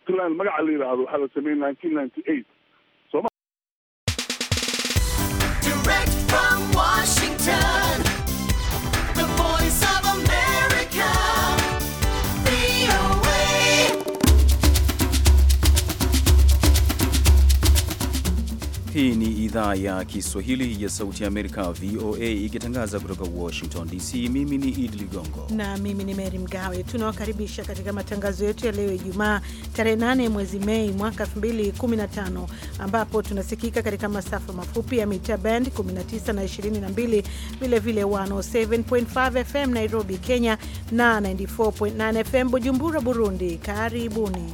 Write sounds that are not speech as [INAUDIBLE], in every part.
puntland magaca la yidhaahdo waxaa la sameeyey nineteen ninety eight sooma Hii ni idhaa ya Kiswahili ya Sauti ya Amerika, VOA, ikitangaza kutoka Washington DC. Mimi ni Idi Ligongo na mimi ni Meri Mgawe. Tunawakaribisha katika matangazo yetu ya leo Ijumaa, tarehe 8 mwezi Mei mwaka 2015, ambapo tunasikika katika masafa mafupi ya mita band 19 na 22, vilevile 107.5 FM Nairobi, Kenya na 94.9 FM Bujumbura, Burundi. Karibuni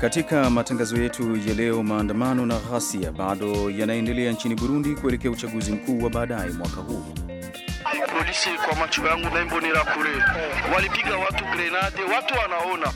Katika matangazo yetu ya leo, maandamano na ghasia bado yanaendelea nchini Burundi kuelekea uchaguzi mkuu wa baadaye mwaka huu. Polisi kwa macho yangu naimbo ni la kule walipiga watu grenade, watu wanaona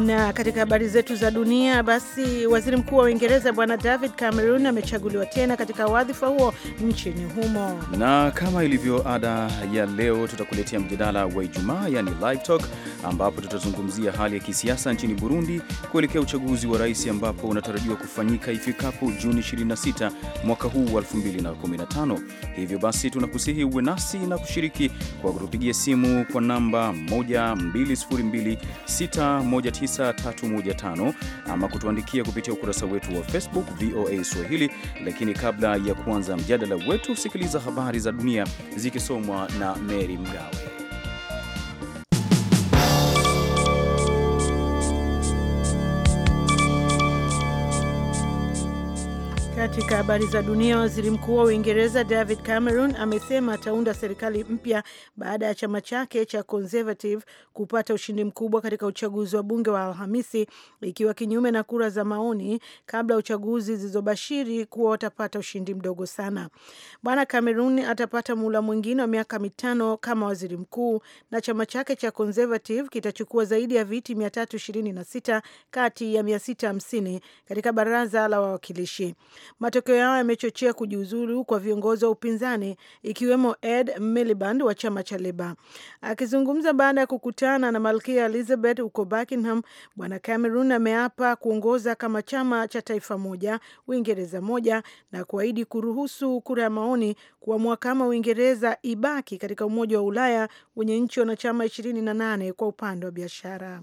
na katika habari zetu za dunia, basi waziri mkuu wa Uingereza bwana David Cameron amechaguliwa tena katika wadhifa huo nchini humo, na kama ilivyo ada ya leo, tutakuletea mjadala wa Ijumaa, yani live talk, ambapo tutazungumzia hali ya kisiasa nchini Burundi kuelekea uchaguzi wa rais ambapo unatarajiwa kufanyika ifikapo Juni 26 mwaka huu wa 2015. Hivyo basi tunakusihi uwe nasi na kushiriki kwa kutupigia simu kwa namba 12261 99315 ama kutuandikia kupitia ukurasa wetu wa Facebook VOA Swahili. Lakini kabla ya kuanza mjadala wetu, sikiliza habari za dunia zikisomwa na Meri Mgawe. Katika habari za dunia, waziri mkuu wa Uingereza David Cameron amesema ataunda serikali mpya baada ya chama chake cha Conservative kupata ushindi mkubwa katika uchaguzi wa bunge wa Alhamisi, ikiwa kinyume na kura za maoni kabla ya uchaguzi zilizobashiri kuwa watapata ushindi mdogo sana. Bwana Cameron atapata muhula mwingine wa miaka mitano kama waziri mkuu, na chama chake cha Conservative kitachukua zaidi ya viti 326 kati ya 650 katika baraza la wawakilishi. Matokeo yao yamechochea kujiuzulu kwa viongozi wa upinzani ikiwemo Ed Miliband wa chama cha Leba. Akizungumza baada ya kukutana na Malkia Elizabeth huko Buckingham, Bwana Cameron ameapa kuongoza kama chama cha taifa moja, Uingereza moja, na kuahidi kuruhusu kura ya maoni kuamua kama Uingereza ibaki katika Umoja wa Ulaya wenye nchi wanachama ishirini na nane kwa upande wa biashara.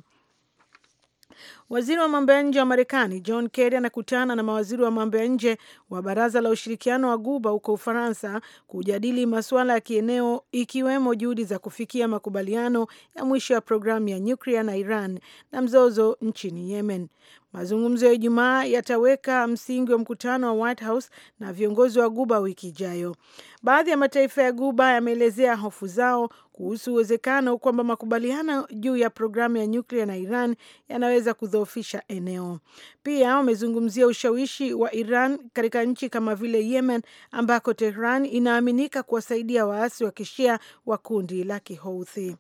Waziri wa mambo ya nje wa Marekani John Kerry anakutana na mawaziri wa mambo ya nje wa Baraza la Ushirikiano wa Guba huko Ufaransa kujadili masuala ya kieneo ikiwemo juhudi za kufikia makubaliano ya mwisho ya programu ya nyuklia na Iran na mzozo nchini Yemen. Mazungumzo ya Ijumaa yataweka msingi wa mkutano wa White House na viongozi wa Guba wiki ijayo. Baadhi ya mataifa ya Guba yameelezea hofu zao kuhusu uwezekano kwamba makubaliano juu ya programu ya nyuklia na Iran yanaweza kudhoofisha eneo. Pia wamezungumzia ushawishi wa Iran katika nchi kama vile Yemen, ambako Tehran inaaminika kuwasaidia waasi wa kishia wa kundi la Kihouthi.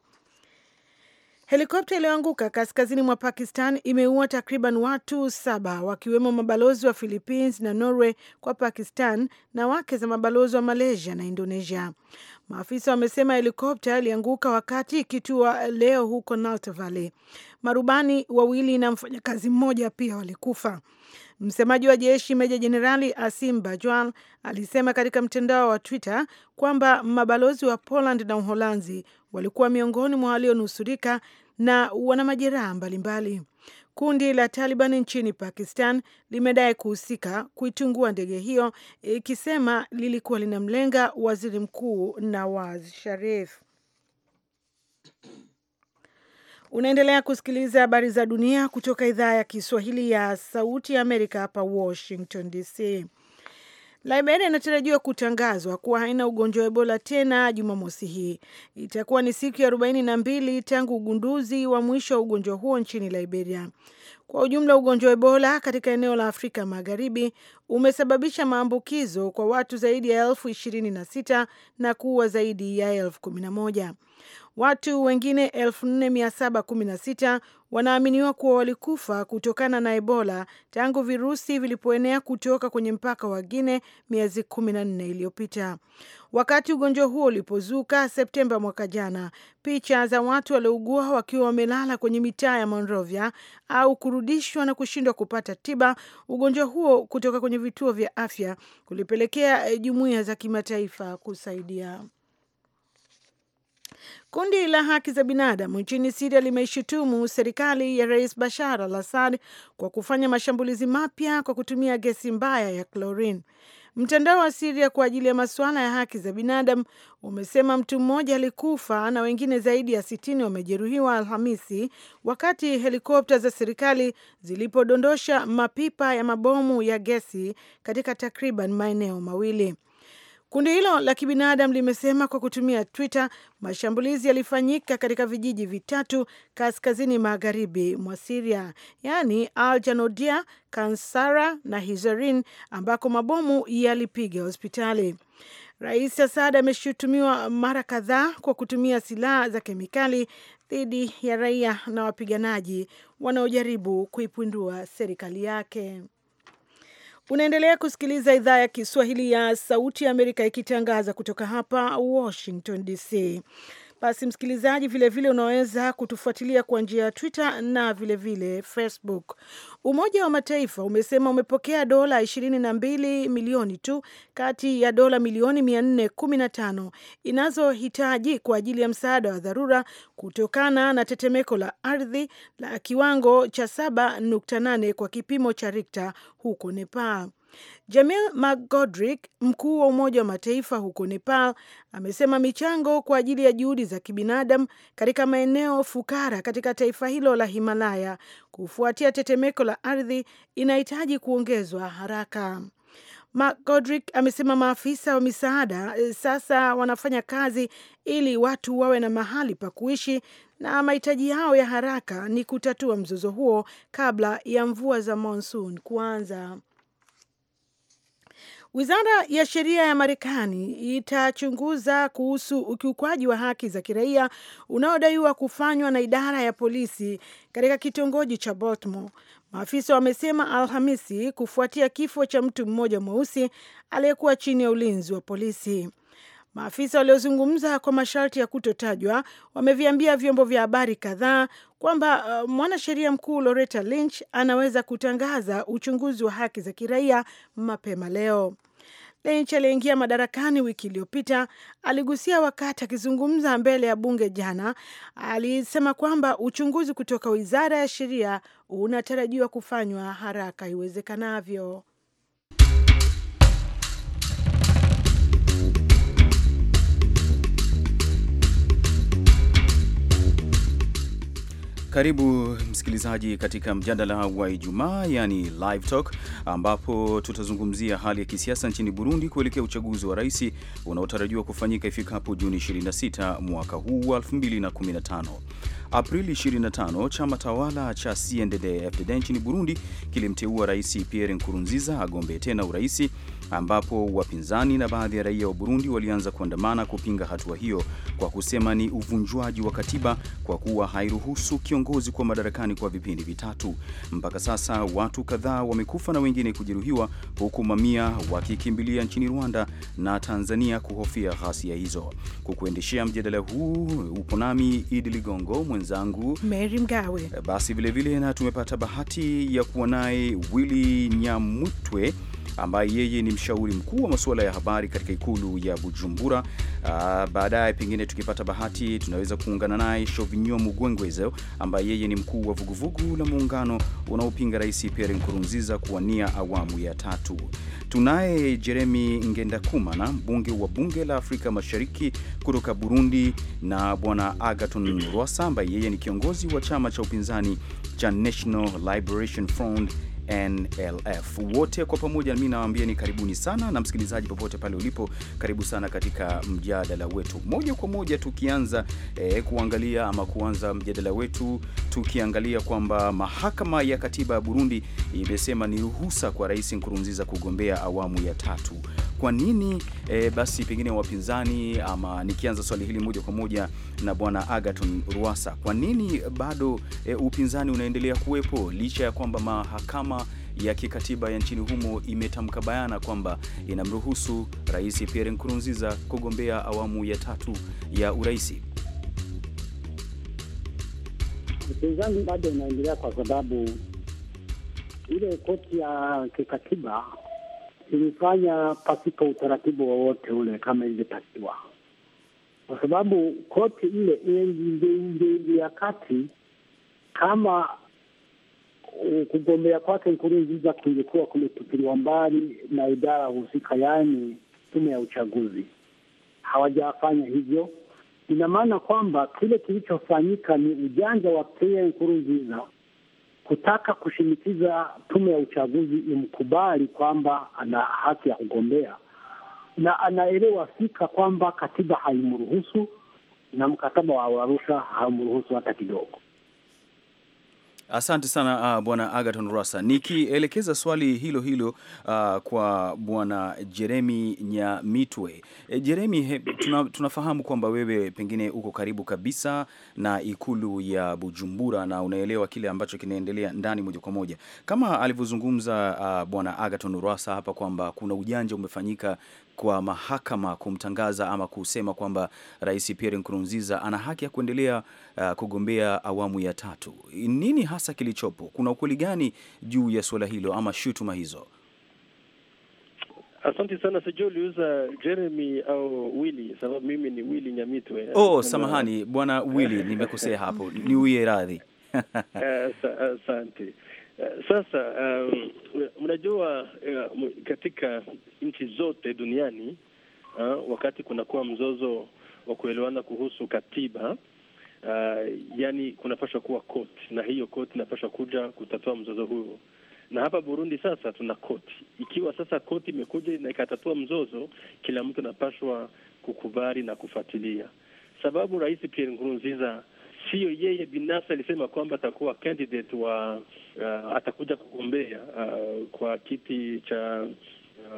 Helikopta iliyoanguka kaskazini mwa Pakistan imeua takriban watu saba wakiwemo mabalozi wa Philippines na Norway kwa Pakistan na wake za mabalozi wa Malaysia na Indonesia. Maafisa wamesema helikopta ilianguka wakati ikitua leo huko Nalt Valley. Marubani wawili na mfanyakazi mmoja pia walikufa. Msemaji wa jeshi Meja Jenerali Asim Bajwal alisema katika mtandao wa Twitter kwamba mabalozi wa Poland na Uholanzi walikuwa miongoni mwa walionusurika na wana majeraha mbalimbali. Kundi la Taliban nchini Pakistan limedai kuhusika kuitungua ndege hiyo, ikisema lilikuwa linamlenga waziri mkuu Nawaz Sharif. Unaendelea kusikiliza habari za dunia kutoka idhaa ya Kiswahili ya Sauti ya Amerika hapa Washington DC. Liberia inatarajiwa kutangazwa kuwa haina ugonjwa wa Ebola tena Jumamosi hii. Itakuwa ni siku ya arobaini na mbili tangu ugunduzi wa mwisho wa ugonjwa huo nchini Liberia. Kwa ujumla, ugonjwa wa Ebola katika eneo la Afrika Magharibi umesababisha maambukizo kwa watu zaidi ya elfu ishirini na sita na kuua zaidi ya elfu kumi na moja. Watu wengine 4716 wanaaminiwa kuwa walikufa kutokana na Ebola tangu virusi vilipoenea kutoka kwenye mpaka wa Guine miezi 14 iliyopita. Wakati ugonjwa huo ulipozuka Septemba mwaka jana, picha za watu waliougua wakiwa wamelala kwenye mitaa ya Monrovia au kurudishwa na kushindwa kupata tiba ugonjwa huo kutoka kwenye vituo vya afya kulipelekea eh, jumuiya za kimataifa kusaidia. Kundi la haki za binadamu nchini Siria limeishutumu serikali ya Rais Bashar al Assad kwa kufanya mashambulizi mapya kwa kutumia gesi mbaya ya clorin Mtandao wa Siria kwa ajili ya masuala ya haki za binadamu umesema mtu mmoja alikufa na wengine zaidi ya sitini wamejeruhiwa Alhamisi wakati helikopta za serikali zilipodondosha mapipa ya mabomu ya gesi katika takriban maeneo mawili. Kundi hilo la kibinadamu limesema kwa kutumia Twitter mashambulizi yalifanyika katika vijiji vitatu kaskazini magharibi mwa Siria, yaani Al Janodia, Kansara na Hizarin, ambako mabomu yalipiga hospitali. Rais Asad ameshutumiwa mara kadhaa kwa kutumia silaha za kemikali dhidi ya raia na wapiganaji wanaojaribu kuipindua serikali yake. Unaendelea kusikiliza idhaa ya Kiswahili ya Sauti ya Amerika ikitangaza kutoka hapa Washington DC. Basi msikilizaji, vilevile unaweza kutufuatilia kwa njia ya Twitter na vilevile vile Facebook. Umoja wa Mataifa umesema umepokea dola 22 milioni tu kati ya dola milioni 415 inazohitaji kwa ajili ya msaada wa dharura kutokana na tetemeko la ardhi la kiwango cha 7.8 kwa kipimo cha Richter huko Nepal. Jamil McGodrick, mkuu wa Umoja wa Mataifa huko Nepal, amesema michango kwa ajili ya juhudi za kibinadamu katika maeneo fukara katika taifa hilo la Himalaya kufuatia tetemeko la ardhi inahitaji kuongezwa haraka. McGodrick amesema maafisa wa misaada eh, sasa wanafanya kazi ili watu wawe na mahali pa kuishi na mahitaji yao ya haraka ni kutatua mzozo huo kabla ya mvua za monsoon kuanza. Wizara ya sheria ya Marekani itachunguza kuhusu ukiukwaji wa haki za kiraia unaodaiwa kufanywa na idara ya polisi katika kitongoji cha Baltimore, maafisa wamesema Alhamisi, kufuatia kifo cha mtu mmoja mweusi aliyekuwa chini ya ulinzi wa polisi. Maafisa waliozungumza kwa masharti ya kutotajwa wameviambia vyombo vya habari kadhaa kwamba uh, mwanasheria mkuu Loretta Lynch anaweza kutangaza uchunguzi wa haki za kiraia mapema leo. Lynch aliyeingia madarakani wiki iliyopita aligusia wakati akizungumza mbele ya bunge jana, alisema kwamba uchunguzi kutoka wizara ya sheria unatarajiwa kufanywa haraka iwezekanavyo. Karibu msikilizaji katika mjadala wa Ijumaa yani live talk, ambapo tutazungumzia hali ya kisiasa nchini Burundi kuelekea uchaguzi wa rais unaotarajiwa kufanyika ifikapo Juni 26 mwaka huu wa 2015. Aprili 25 chama tawala cha CNDD-FDD nchini Burundi kilimteua Rais Pierre Nkurunziza agombee tena uraisi ambapo wapinzani na baadhi ya raia wa Burundi walianza kuandamana kupinga hatua hiyo kwa kusema ni uvunjwaji wa katiba kwa kuwa hairuhusu kiongozi kuwa madarakani kwa vipindi vitatu. Mpaka sasa watu kadhaa wamekufa na wengine kujeruhiwa, huku mamia wakikimbilia nchini Rwanda na Tanzania kuhofia ghasia hizo. Kukuendeshea mjadala huu upo nami Idi Ligongo, mwenzangu Mary Mgawe. Basi vilevile na tumepata bahati ya kuwa naye Willy Nyamutwe ambaye yeye ni mshauri mkuu wa masuala ya habari katika ikulu ya Bujumbura. Ah, baadaye pengine tukipata bahati, tunaweza kuungana naye Shovinyo Mugwengweze ambaye yeye ni mkuu wa vuguvugu la muungano unaopinga Rais Pierre Nkurunziza kuwania awamu ya tatu. Tunaye Jeremi Ngendakumana, mbunge wa bunge la Afrika Mashariki kutoka Burundi, na bwana Agaton Rwasa ambaye yeye ni kiongozi wa chama cha upinzani cha National Liberation Front NLF. Wote kwa pamoja mi nawaambia ni karibuni sana, na msikilizaji popote pale ulipo, karibu sana katika mjadala wetu moja kwa moja, tukianza eh, kuangalia ama kuanza mjadala wetu tukiangalia kwamba mahakama ya katiba ya Burundi imesema ni ruhusa kwa Rais Nkurunziza kugombea awamu ya tatu. Kwa nini e, basi pengine wapinzani ama nikianza swali hili moja kwa moja na bwana Agaton Ruasa, kwa nini bado e, upinzani unaendelea kuwepo licha ya kwamba mahakama ya kikatiba ya nchini humo imetamka bayana kwamba inamruhusu Rais Pierre Nkurunziza kugombea awamu ya tatu ya uraisi. Upinzani bado unaendelea kwa sababu ile koti ya kikatiba ilifanya pasipo utaratibu wowote ule kama ilivyotakiwa, kwa sababu koti ile ingeingia kati kama kugombea kwake Nkurunziza kulikuwa kumetupiliwa mbali na idara husika, yaani tume ya uchaguzi. Hawajafanya hivyo. Ina maana kwamba kile kilichofanyika ni ujanja wa Pierre Nkurunziza kutaka kushinikiza tume ya uchaguzi imkubali kwamba ana haki ya kugombea, na anaelewa fika kwamba katiba haimruhusu na mkataba wa Arusha haumruhusu hata kidogo. Asante sana uh, bwana Agaton rasa Nikielekeza swali hilo hilo uh, kwa bwana Jeremi Nyamitwe. E, eh, Jeremi he, tuna, tunafahamu kwamba wewe pengine uko karibu kabisa na ikulu ya Bujumbura na unaelewa kile ambacho kinaendelea ndani moja kwa moja, kama alivyozungumza uh, bwana Agaton rasa hapa kwamba kuna ujanja umefanyika kwa mahakama kumtangaza ama kusema kwamba Rais Pierre Nkurunziza ana haki ya kuendelea uh, kugombea awamu ya tatu. Nini hasa kilichopo? Kuna ukweli gani juu ya suala hilo ama shutuma hizo? Asante sana, sijui uliuza uh, Jeremy au Willy, sababu mimi ni Willy Nyamitwe. Oh, samahani bwana willi nimekosea hapo, uye radhi. [LAUGHS] Eh, asante. Sasa um, mnajua uh, katika nchi zote duniani uh, wakati kunakuwa mzozo wa kuelewana kuhusu katiba uh, yani kunapashwa kuwa koti, na hiyo koti inapashwa kuja kutatua mzozo huo. Na hapa Burundi sasa tuna koti. Ikiwa sasa koti imekuja na ikatatua mzozo, kila mtu anapashwa kukubali na kufuatilia, sababu Rais Pierre Nkurunziza Siyo yeye binafsi alisema kwamba atakuwa candidate wa uh, atakuja kugombea uh, kwa kiti cha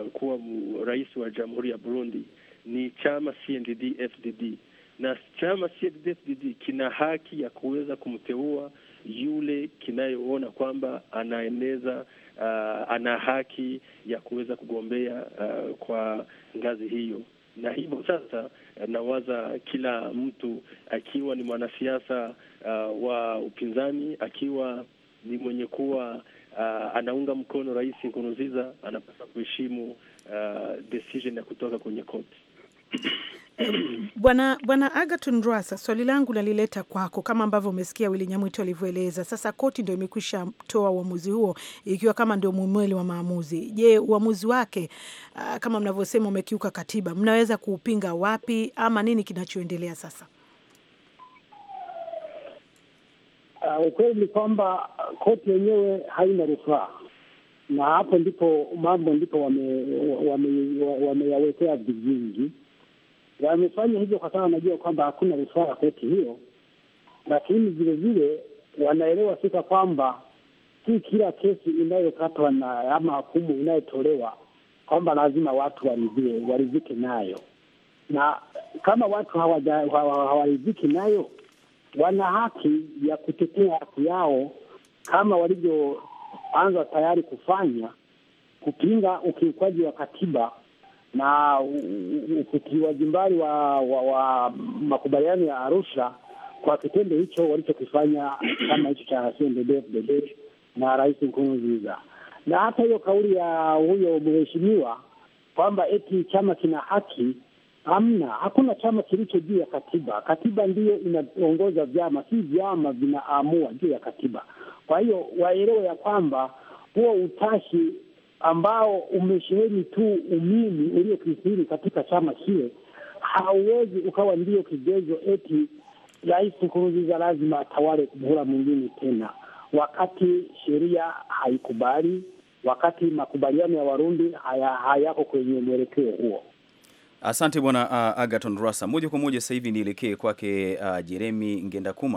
uh, kuwa rais wa jamhuri ya Burundi. Ni chama CNDD FDD, na chama CNDD FDD kina haki ya kuweza kumteua yule kinayoona kwamba anaeneza uh, ana haki ya kuweza kugombea uh, kwa ngazi hiyo na hivyo sasa eh, nawaza kila mtu akiwa ni mwanasiasa uh, wa upinzani akiwa ni mwenye kuwa uh, anaunga mkono Rais Nkurunziza anapaswa kuheshimu uh, decision ya kutoka kwenye koti Bwana Bwana Agaton Rwasa, swali langu nalileta kwako kama ambavyo umesikia Wili Nyamwito alivyoeleza. Sasa koti ndio imekwisha toa uamuzi huo, ikiwa kama ndio mumweli wa maamuzi. Je, uamuzi wake ah, kama mnavyosema umekiuka katiba, mnaweza kuupinga wapi ama nini kinachoendelea sasa? Uh, ukweli ni kwamba koti yenyewe haina rufaa, na hapo ndipo mambo ndipo wameyawekea wame, wame vizingi Wamefanya hivyo kwa sababu wanajua kwamba hakuna vifaa kwetu hiyo, lakini vilevile wanaelewa fika kwamba si kila kesi inayokatwa na ama hukumu inayotolewa kwamba lazima watu waridhie waridhike nayo, na kama watu hawaridhiki nayo, wana haki ya kutetea haki yao kama walivyoanza tayari kufanya kupinga ukiukwaji wa katiba na uwajibikaji wa, wa, wa makubaliano ya Arusha kwa kitendo hicho walichokifanya [CLEARS THROAT] kama hicho cha CNDD-FDD na Rais Nkurunziza, na hata hiyo kauli ya huyo mheshimiwa kwamba eti chama kina haki Hamna, hakuna chama kilicho juu ya katiba. Katiba ndiyo inaongoza vyama, si vyama vinaamua juu ya katiba. Kwa hiyo waelewe ya kwamba huo utashi ambao umesheheni tu umimi uliokithiri katika chama kile, hauwezi ukawa ndiyo kigezo eti Rais Nkurunziza lazima atawale muhula mwingine tena, wakati sheria haikubali, wakati makubaliano ya Warundi hayako haya kwenye mwelekeo huo. Asante bwana uh, Agaton Rasa. Moja kwa moja sasa hivi nielekee kwake uh, Jeremi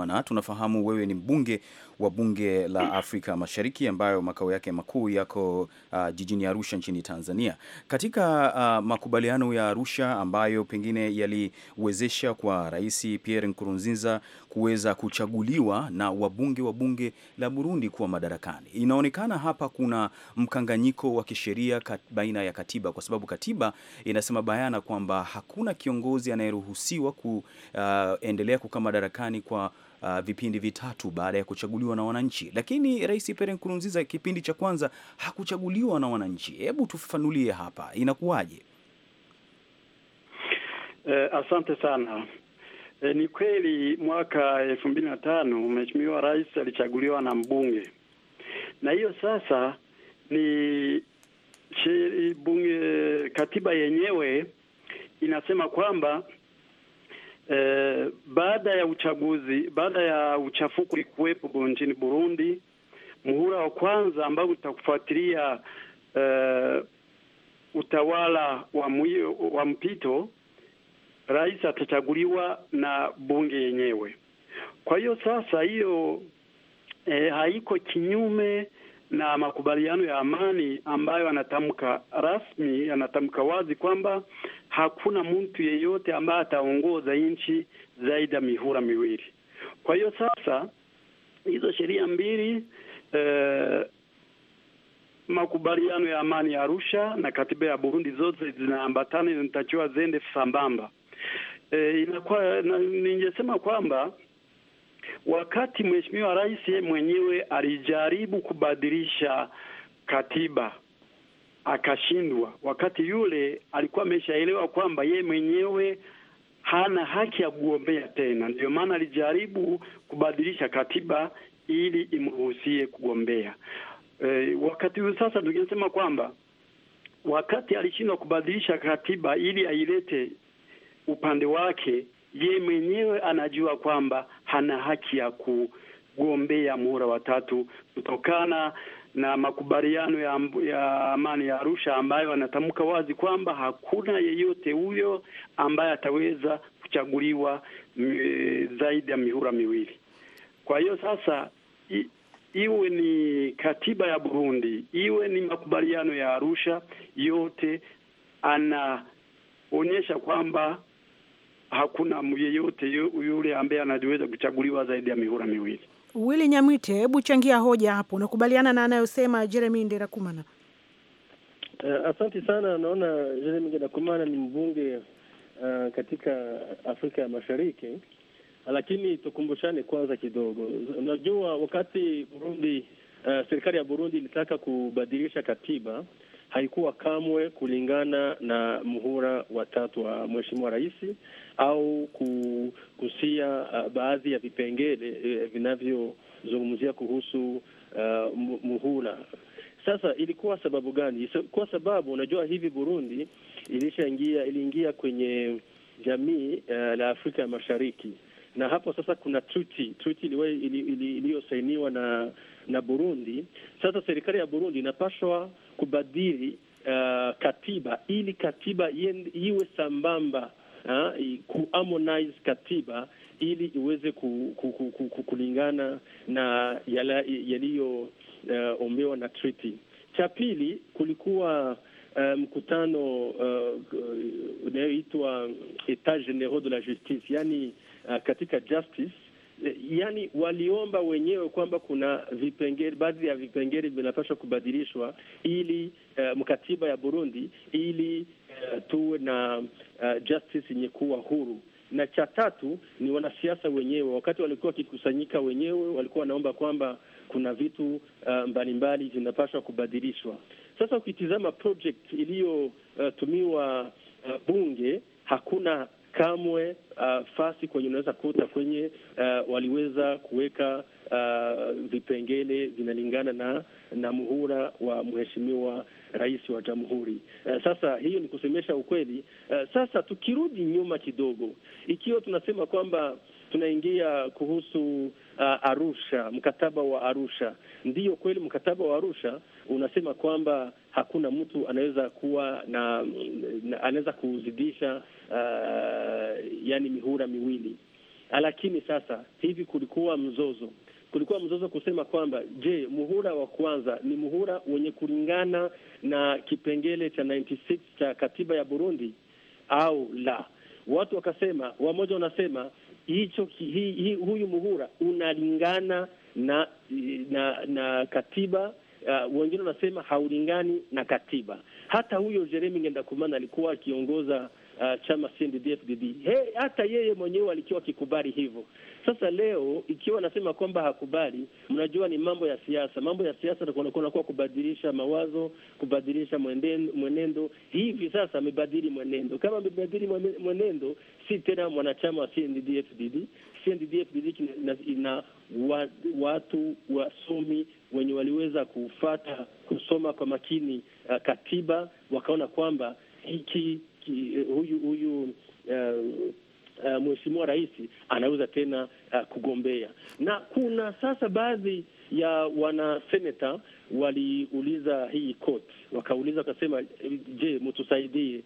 na Tunafahamu wewe ni mbunge wa bunge la Afrika Mashariki ambayo makao yake makuu yako uh, jijini Arusha nchini Tanzania. Katika uh, makubaliano ya Arusha ambayo pengine yaliwezesha kwa Rais Pierre Nkurunziza kuweza kuchaguliwa na wabunge wa bunge la Burundi kuwa madarakani, inaonekana hapa kuna mkanganyiko wa kisheria baina ya katiba, kwa sababu katiba inasema bayana kwa kwamba hakuna kiongozi anayeruhusiwa kuendelea uh, kukaa madarakani kwa Uh, vipindi vitatu baada ya kuchaguliwa na wananchi, lakini Rais Pierre Nkurunziza kipindi cha kwanza hakuchaguliwa na wananchi. Hebu tufafanulie hapa inakuwaje? Eh, asante sana. E, ni kweli mwaka elfu mbili na tano mheshimiwa rais alichaguliwa na mbunge, na hiyo sasa ni bunge, katiba yenyewe inasema kwamba eh, baada ya uchaguzi, baada ya uchafuku ulikuwepo nchini Burundi, muhula wa kwanza ambao utakufuatilia eh, utawala wa, wa mpito, rais atachaguliwa na bunge yenyewe. Kwa hiyo sasa hiyo eh, haiko kinyume na makubaliano ya amani ambayo anatamka rasmi, anatamka wazi kwamba hakuna mtu yeyote ambaye ataongoza nchi zaidi ya mihura miwili. Kwa hiyo sasa hizo sheria mbili eh, makubaliano ya amani ya Arusha na katiba ya Burundi zote zinaambatana, zinatakiwa zende sambamba. Eh, inakuwa ningesema kwamba wakati mheshimiwa rais mwenyewe alijaribu kubadilisha katiba akashindwa, wakati yule alikuwa ameshaelewa kwamba ye mwenyewe hana haki ya kugombea tena. Ndio maana alijaribu kubadilisha katiba ili imruhusie kugombea. E, wakati huu sasa tukisema kwamba wakati alishindwa kubadilisha katiba ili ailete upande wake yeye mwenyewe anajua kwamba hana haki ya kugombea muhula watatu kutokana na makubaliano ya, ya amani ya Arusha ambayo anatamka wazi kwamba hakuna yeyote huyo ambaye ataweza kuchaguliwa e, zaidi ya mihura miwili. Kwa hiyo sasa i, iwe ni katiba ya Burundi, iwe ni makubaliano ya Arusha, yote anaonyesha kwamba hakuna yeyote yule ambaye anaweza kuchaguliwa zaidi ya mihula miwili. Willy Nyamwite, hebu changia hoja hapo, unakubaliana na anayosema Jeremy Nderakumana? Uh, asante sana. Naona Jeremy Nderakumana ni mbunge uh, katika Afrika ya Mashariki, lakini tukumbushane kwanza kidogo. Unajua, wakati Burundi uh, serikali ya Burundi ilitaka kubadilisha katiba haikuwa kamwe kulingana na muhura wa tatu wa mheshimiwa rais, au kugusia uh, baadhi ya vipengele eh, vinavyozungumzia kuhusu uh, muhula. Sasa ilikuwa sababu gani? Kwa sababu unajua hivi Burundi ilishaingia iliingia kwenye jamii uh, la Afrika ya Mashariki na hapo sasa kuna treaty treaty iliyosainiwa na na Burundi. Sasa serikali ya Burundi inapaswa kubadili uh, katiba ili katiba iwe sambamba uh, kuharmonize katiba ili iweze ku, ku, ku, ku, kulingana na yaliyoombewa eh, uh, na treaty. Cha pili kulikuwa eh, mkutano um, eh, unayoitwa uh, etat generaux de la justice, yani uh, katika justice yani waliomba wenyewe kwamba kuna vipengele, baadhi ya vipengele vinapaswa kubadilishwa ili uh, mkatiba ya Burundi ili uh, tuwe na uh, justice yenye kuwa huru na cha tatu ni wanasiasa wenyewe, wakati walikuwa wakikusanyika wenyewe, walikuwa wanaomba kwamba kuna vitu mbalimbali uh, vinapaswa kubadilishwa. Sasa ukitizama project iliyotumiwa uh, uh, bunge, hakuna kamwe uh, fasi kwenye unaweza kuta kwenye uh, waliweza kuweka uh, vipengele vinalingana na na muhura wa mheshimiwa rais wa jamhuri. Uh, sasa hiyo ni kusemesha ukweli. Uh, sasa tukirudi nyuma kidogo, ikiwa tunasema kwamba tunaingia kuhusu uh, Arusha, mkataba wa Arusha, ndiyo kweli mkataba wa Arusha unasema kwamba hakuna mtu anaweza kuwa na, na anaweza kuzidisha uh, yani mihura miwili. Lakini sasa hivi kulikuwa mzozo, kulikuwa mzozo kusema kwamba je, muhura wa kwanza ni muhura wenye kulingana na kipengele cha 96 cha katiba ya Burundi au la. Watu wakasema, wamoja wanasema hicho hi, hi, huyu muhura unalingana na na, na katiba uh, wengine wanasema haulingani na katiba. Hata huyo Jeremy Ngendakumana alikuwa akiongoza uh, chama CNDD-FDD, hata yeye mwenyewe alikuwa akikubali hivyo. Sasa leo ikiwa anasema kwamba hakubali, mnajua ni mambo ya siasa. Mambo ya siasa kunakuwa kubadilisha mawazo, kubadilisha mwenendo, mwenendo. Hivi sasa amebadili mwenendo. Kama amebadili mwenendo, si tena mwanachama wa CNDD-FDD. CNDD-FDD ina wa, watu wasomi wenye waliweza kufata kusoma kwa makini uh, katiba wakaona kwamba hiki ki, huyu huyu uh, uh, mheshimiwa rais anaweza tena uh, kugombea na kuna sasa baadhi ya wanaseneta waliuliza hii court, wakauliza wakasema, je, mtusaidie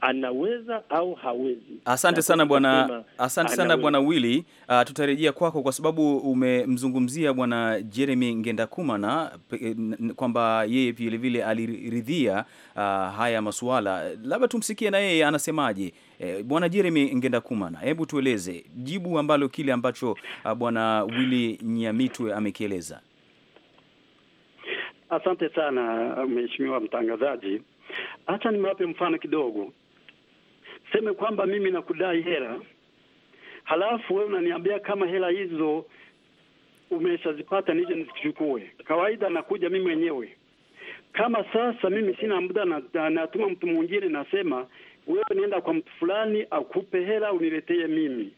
anaweza au hawezi. Asante sana bwana, asante sana bwana Willy. Uh, tutarejea kwako kwa sababu umemzungumzia bwana Jeremy Ngendakumana eh, kwamba yeye vilevile aliridhia uh, haya masuala. Labda tumsikie na yeye anasemaje. Eh, bwana Jeremy Ngendakumana, hebu tueleze jibu ambalo kile ambacho uh, bwana willi Nyamitwe amekieleza. Asante sana mheshimiwa mtangazaji. Acha niwape mfano kidogo. Seme kwamba mimi nakudai hela, halafu wewe unaniambia kama hela hizo umeshazipata nije nisichukue. Kawaida nakuja mimi mwenyewe. Kama sasa mimi sina muda, natuma na, mtu mwingine, nasema wewe nienda kwa mtu fulani akupe hela uniletee mimi.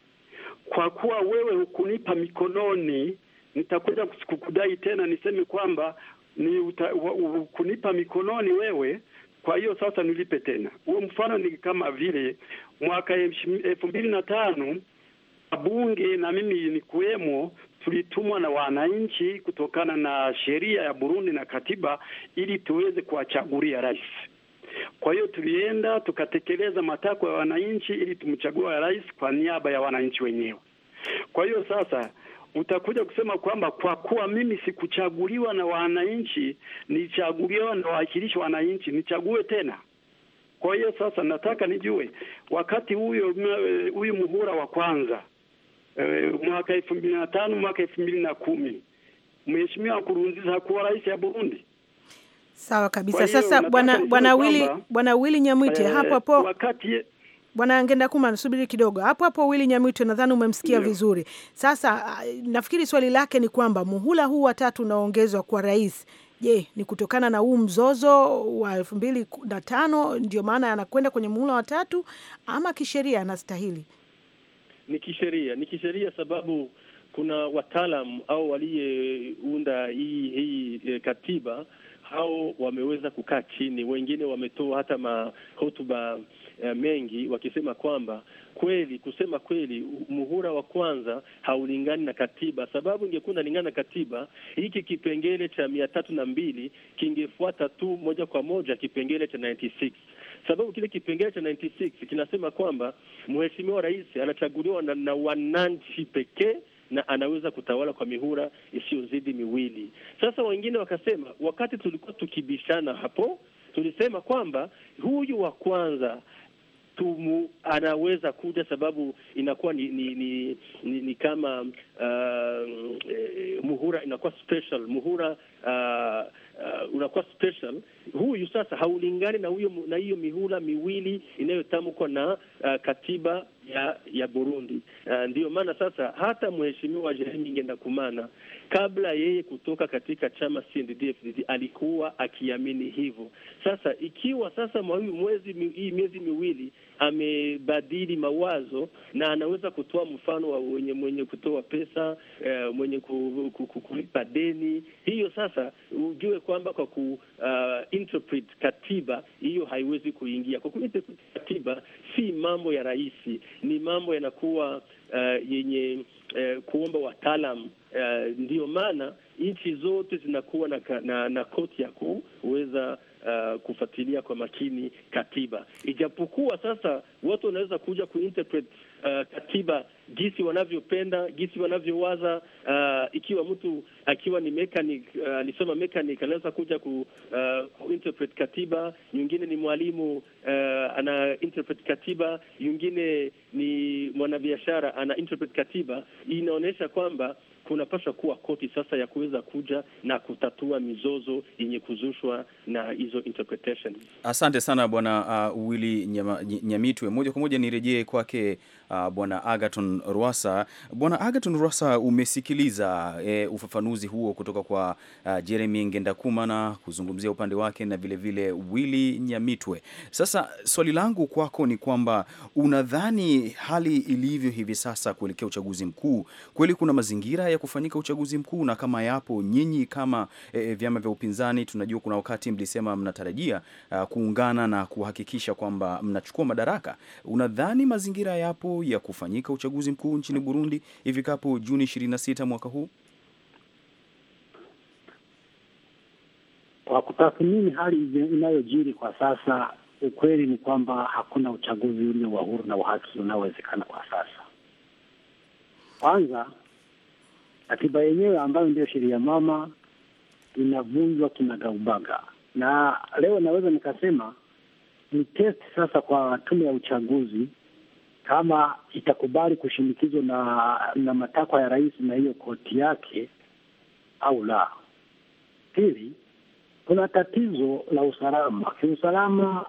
Kwa kuwa wewe hukunipa mikononi, nitakuja kukudai tena niseme kwamba ni uta, u, u, kunipa mikononi wewe, kwa hiyo sasa nilipe tena. Huo mfano ni kama vile mwaka elfu mbili na tano bunge na mimi ni kuwemo tulitumwa na wananchi kutokana na sheria ya Burundi na katiba ili tuweze kuwachagulia rais. Kwa hiyo tulienda tukatekeleza matakwa ya wananchi ili tumchagua rais kwa niaba ya wananchi wenyewe. Kwa hiyo sasa utakuja kusema kwamba kwa kuwa mimi sikuchaguliwa na wananchi, nichaguliwa na wawakilishi wananchi, nichague tena? Kwa hiyo sasa nataka nijue wakati huyo huyu muhura wa kwanza e, mwaka elfu mbili na tano mwaka elfu mbili na kumi Mheshimiwa Nkurunziza hakuwa rais ya Burundi. Sawa kabisa. Sasa bwana bwana Willy bwana Willy Nyamwite eh, hapo hapo wakati Bwana Ngenda Kuma, nasubiri kidogo hapo hapo. wili Nyamito, nadhani umemsikia yeah, vizuri. Sasa ah, nafikiri swali lake ni kwamba muhula huu wa tatu unaongezwa kwa rais, je, ni kutokana na huu mzozo wa elfu mbili na tano ndio maana anakwenda kwenye muhula wa tatu ama kisheria anastahili? Ni kisheria, ni kisheria sababu kuna wataalam au waliyeunda hii hii eh, katiba hao wameweza kukaa chini, wengine wametoa hata mahotuba eh, mengi wakisema kwamba kweli, kusema kweli, muhula wa kwanza haulingani na katiba, sababu ingekuwa inalingana na katiba, hiki kipengele cha mia tatu na mbili kingefuata tu moja kwa moja kipengele cha 96 sababu kile kipengele cha 96 kinasema kwamba mheshimiwa rais anachaguliwa na, na wananchi pekee na anaweza kutawala kwa mihula isiyozidi miwili. Sasa wengine wakasema, wakati tulikuwa tukibishana hapo, tulisema kwamba huyu wa kwanza mshtumu anaweza kuja, sababu inakuwa ni ni, ni, ni, ni kama uh, eh, muhura inakuwa special muhura uh, uh, unakuwa special huyu sasa haulingani na huyo na hiyo mihula miwili inayotamkwa na uh, katiba ya ya Burundi. Uh, ndiyo maana sasa hata mheshimiwa Jeremy Ngendakumana kabla yeye kutoka katika chama CNDD-FDD alikuwa akiamini hivyo. Sasa ikiwa sasa huyu mwezi hii miezi miwili amebadili mawazo na anaweza kutoa mfano wa mwenye mwenye kutoa pesa uh, mwenye kulipa deni, hiyo sasa ujue kwamba kwa ku uh, interpret katiba hiyo haiwezi kuingia kwa kuinterpret katiba. Si mambo ya rahisi, ni mambo yanakuwa uh, yenye uh, kuomba wataalam uh, eh, ndiyo maana nchi zote zinakuwa na, na, na koti ya kuweza uh, kufuatilia kwa makini katiba, ijapokuwa sasa watu wanaweza kuja kuinterpret uh, katiba jinsi wanavyopenda, jinsi wanavyowaza. Uh, ikiwa mtu akiwa ni mechanic uh, alisoma mechanic anaweza kuja ku, uh, ku interpret katiba. Nyingine ni mwalimu uh, ana interpret katiba. Nyingine ni mwanabiashara ana interpret katiba. Inaonyesha kwamba kunapaswa kuwa koti sasa ya kuweza kuja na kutatua mizozo yenye kuzushwa na hizo interpretation. Asante sana bwana uh, Willy Nyamitwe. Moja kwa moja nirejee kwake uh, bwana Agaton Rwasa. Bwana Agaton Rwasa, umesikiliza eh, ufafanuzi huo kutoka kwa uh, Jeremy Ngendakumana kuzungumzia upande wake na vilevile Willy Nyamitwe. Sasa swali langu kwako ni kwamba unadhani hali ilivyo hivi sasa kuelekea uchaguzi mkuu kweli kuna mazingira ya kuendelea kufanyika uchaguzi mkuu, na kama yapo nyinyi kama e, e vyama vya upinzani, tunajua kuna wakati mlisema mnatarajia uh, kuungana na kuhakikisha kwamba mnachukua madaraka, unadhani mazingira yapo ya kufanyika uchaguzi mkuu nchini Burundi ifikapo Juni 26 mwaka huu? Kwa kutathmini hali inayojiri kwa sasa, ukweli ni kwamba hakuna uchaguzi ule wa huru na wa haki unaowezekana kwa sasa. Kwanza Katiba yenyewe ambayo ndio sheria mama inavunjwa kinagaubaga, na leo naweza nikasema ni test sasa kwa tume ya uchaguzi kama itakubali kushinikizwa na na matakwa ya rais na hiyo koti yake au la. Pili, kuna tatizo la usalama. Kiusalama,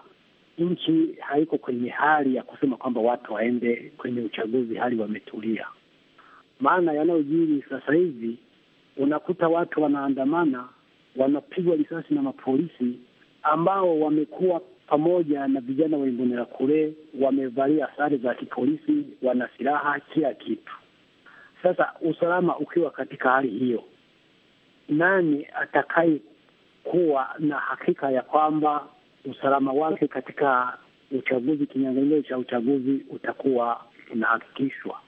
nchi haiko kwenye hali ya kusema kwamba watu waende kwenye uchaguzi hali wametulia. Maana yanayojiri sasa hivi unakuta watu wanaandamana, wanapigwa risasi na mapolisi ambao wamekuwa pamoja na vijana wa kule wamevalia sare za kipolisi, wana silaha, kila kitu. Sasa usalama ukiwa katika hali hiyo, nani atakaye kuwa na hakika ya kwamba usalama wake katika uchaguzi, kinyang'anyiro cha uchaguzi utakuwa unahakikishwa?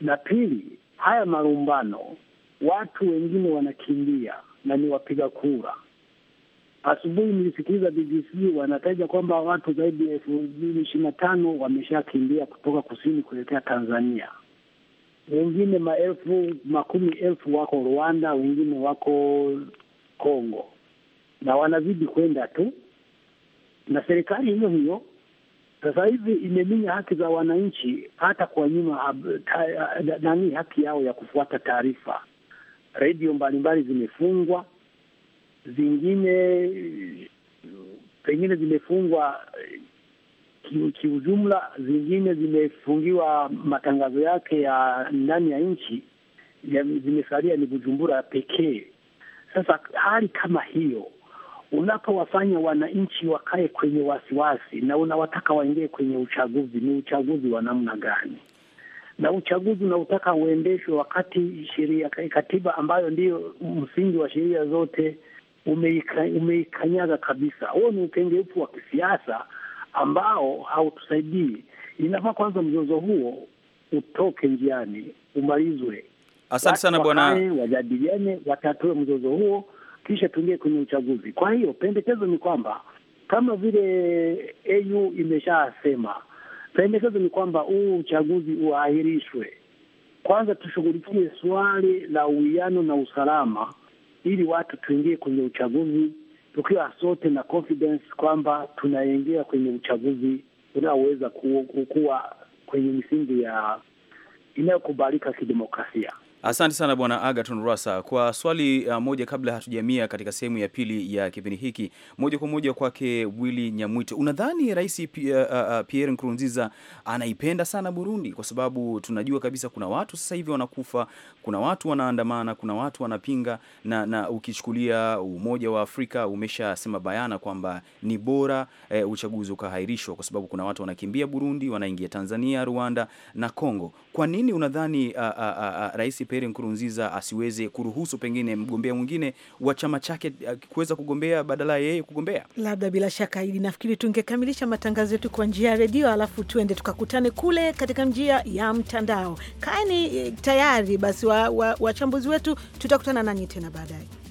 na pili, haya malumbano, watu wengine wanakimbia na ni wapiga kura. Asubuhi nilisikiliza BBC wanataja kwamba watu zaidi ya elfu mbili ishirini na tano wameshakimbia kutoka kusini kuelekea Tanzania, wengine maelfu makumi elfu wako Rwanda, wengine wako Kongo na wanazidi kwenda tu, na serikali hiyo hiyo sasa hivi imeminya haki za wananchi, hata kwa nyuma nani haki yao ya kufuata taarifa. Redio mbalimbali zimefungwa, zingine pengine zimefungwa kiujumla, zingine zimefungiwa matangazo yake ya ndani ya nchi, zimesalia ni Bujumbura pekee. Sasa hali kama hiyo unapowafanya wananchi wakae kwenye wasiwasi na unawataka waingie kwenye uchaguzi, ni uchaguzi wa namna gani? Na uchaguzi unautaka uendeshwe wakati sheria, katiba ambayo ndiyo msingi wa sheria zote umeikanyaga kabisa. Huo ni ukengeufu wa kisiasa ambao hautusaidii. Inafaa kwanza mzozo huo utoke njiani, umalizwe. Asante sana bwana, wajadiliane, watatue mzozo huo kisha tuingie kwenye uchaguzi. Kwa hiyo pendekezo ni kwamba kama vile AU imeshasema, pendekezo ni kwamba huu uchaguzi uahirishwe, kwanza tushughulikie swali la uwiano na usalama, ili watu tuingie kwenye uchaguzi tukiwa sote na confidence kwamba tunaingia kwenye uchaguzi unaoweza kuwa kwenye misingi ya inayokubalika kidemokrasia. Asante sana bwana Agaton rasa kwa swali uh, moja kabla hatujamia katika sehemu ya pili ya kipindi hiki. Moja kwa moja kwake Willy Nyamwite, unadhani rais uh, uh, uh, Pierre Nkurunziza anaipenda sana Burundi? Kwa sababu tunajua kabisa kuna watu sasa hivi wanakufa, kuna watu wanaandamana, kuna watu wanapinga na, na ukichukulia Umoja wa Afrika umeshasema bayana kwamba ni bora eh, uchaguzi ukahairishwa kwa sababu kuna watu wanakimbia Burundi, wanaingia Tanzania, Rwanda na congo Kwa nini unadhani uh, uh, uh, rais Pierre Nkurunziza asiweze kuruhusu pengine mgombea mwingine wa chama chake eh, kuweza kugombea badala yeye kugombea. Labda bila shaka ili nafikiri tungekamilisha matangazo yetu kwa njia ya redio, alafu tuende tukakutane kule katika njia ya mtandao. Kaeni eh, tayari basi, wachambuzi wa, wa wetu tutakutana nanyi tena baadaye.